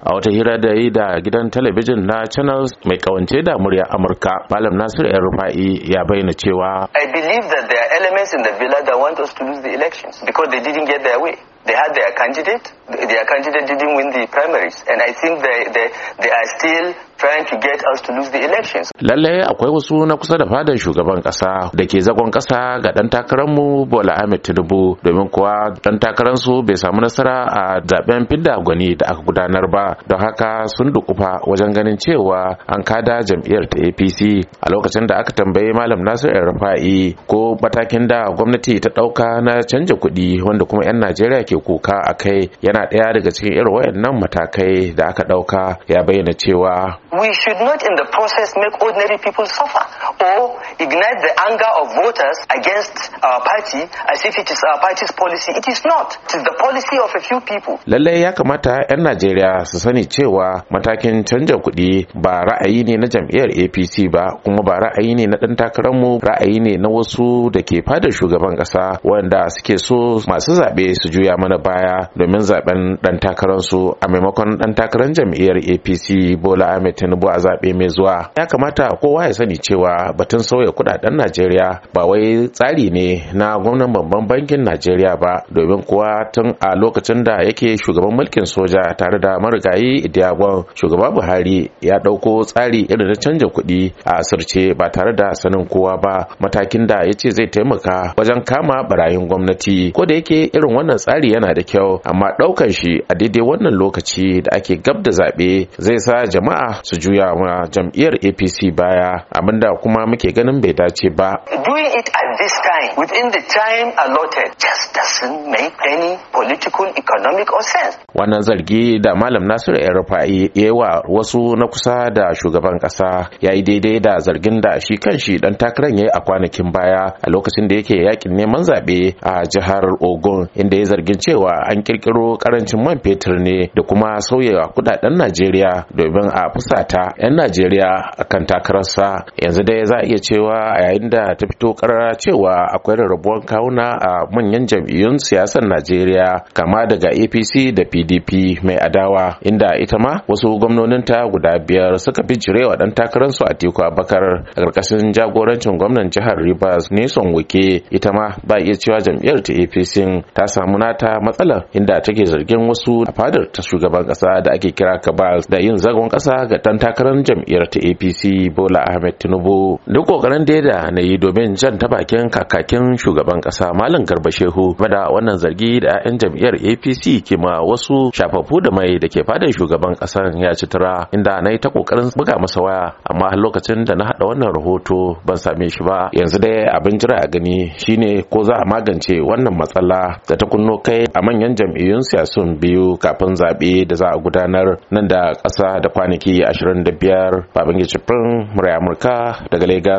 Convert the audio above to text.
a wata hira da yi da gidan talabijin na channels mai kawance da murya amurka malam nasir yan rufa'i ya bayyana cewa i believe that there are elements in the villa that want us to lose the elections because they didn't get their way They had their candidate. Their candidate didn't win the primaries. And I think they, they, they are still trying to get us to lose the elections. Lalle akwai wasu na kusa da fadan shugaban kasa da ke zagon kasa ga dan takararmu Bola Ahmed Tinubu domin kuwa dan takararsu bai samu nasara a zaben fidda gwani da aka gudanar ba don haka sun dukufa wajen ganin cewa an kada jam'iyyar ta APC a lokacin da aka tambayi Malam Nasir Rafa'i ko matakin da gwamnati ta dauka na canja kuɗi wanda kuma 'yan Najeriya ke kuka a kai yana ɗaya daga cikin irin wayannan matakai da aka ɗauka ya bayyana cewa we should not in the process make ordinary people suffer or ignite the anger of voters against our party as if it is our party's policy. It is not. It is the policy of a few people. Lallai ya kamata 'yan Najeriya su sani cewa matakin canja kuɗi ba ra'ayi ne na jam'iyyar APC ba kuma ba ra'ayi ne na ɗan mu ra'ayi ne na wasu da ke fadar shugaban ƙasa wanda suke so masu zaɓe su juya mana baya domin zaɓen ɗan takararsu a maimakon ɗan takarar jam'iyyar APC Bola Ahmed Tinubu a zaɓe mai zuwa. Ya kamata kowa ya sani cewa batun sauya kudaden najeriya ba wai tsari ne na gwamnan babban bankin najeriya ba domin kuwa tun a lokacin da yake shugaban mulkin soja tare da marigayi idiyagon shugaba buhari ya ɗauko tsari irin na canja kuɗi a asirce ba tare da sanin kowa ba matakin da ya ce zai taimaka wajen kama barayin gwamnati ko da yake irin wannan tsari yana da kyau amma ɗaukan shi a daidai wannan lokaci da ake gab da zaɓe zai sa jama'a su juya wa jam'iyyar apc baya abinda kuma kuma muke ganin bai dace ba. Doing it at this time within the time allotted just doesn't make any political, economic or sense. Wannan zargi da Malam Nasiru ya yi wa wasu na kusa da shugaban kasa ya yi daidai da zargin da shi kan shi dan takarar ya yi a kwanakin baya a lokacin da yake yakin neman zaɓe a jihar Ogun inda ya zargin cewa an kirkiro karancin man fetur ne da kuma sauyawa kudaden Najeriya domin a fusata 'yan Najeriya kan takararsa yanzu dai za a iya cewa a yayin da ta fito karara cewa akwai rarrabuwar kawuna a manyan jam'iyyun siyasar najeriya kama daga apc da pdp mai adawa inda ita ma wasu ta guda biyar suka bijire wa dan takararsu a teku abakar a ƙarƙashin jagorancin gwamnan jihar rivers nison wuke ita ma ba iya cewa jam'iyyar ta apc ta samu nata matsalar inda take zargin wasu a fadar ta shugaban ƙasa da ake kira kabal da yin zagon ƙasa ga dan takarar jam'iyyar ta apc bola ahmed tinubu duk kokarin da ya na yi domin jan ta bakin kakakin shugaban kasa Malam Garba Shehu da wannan zargi da 'ya'yan jam'iyyar APC ke ma wasu shafafu da mai da ke fadin shugaban kasar ya ci tura inda na yi ta kokarin buga masa waya amma lokacin da na hada wannan rahoto ban same shi ba yanzu dai abin jira a gani shine ko za a magance wannan matsala da ta kunno kai a manyan jam'iyyun siyasun biyu kafin zaɓe da za a gudanar nan da ƙasa da kwanaki 25 babangi cifin murai amurka da daga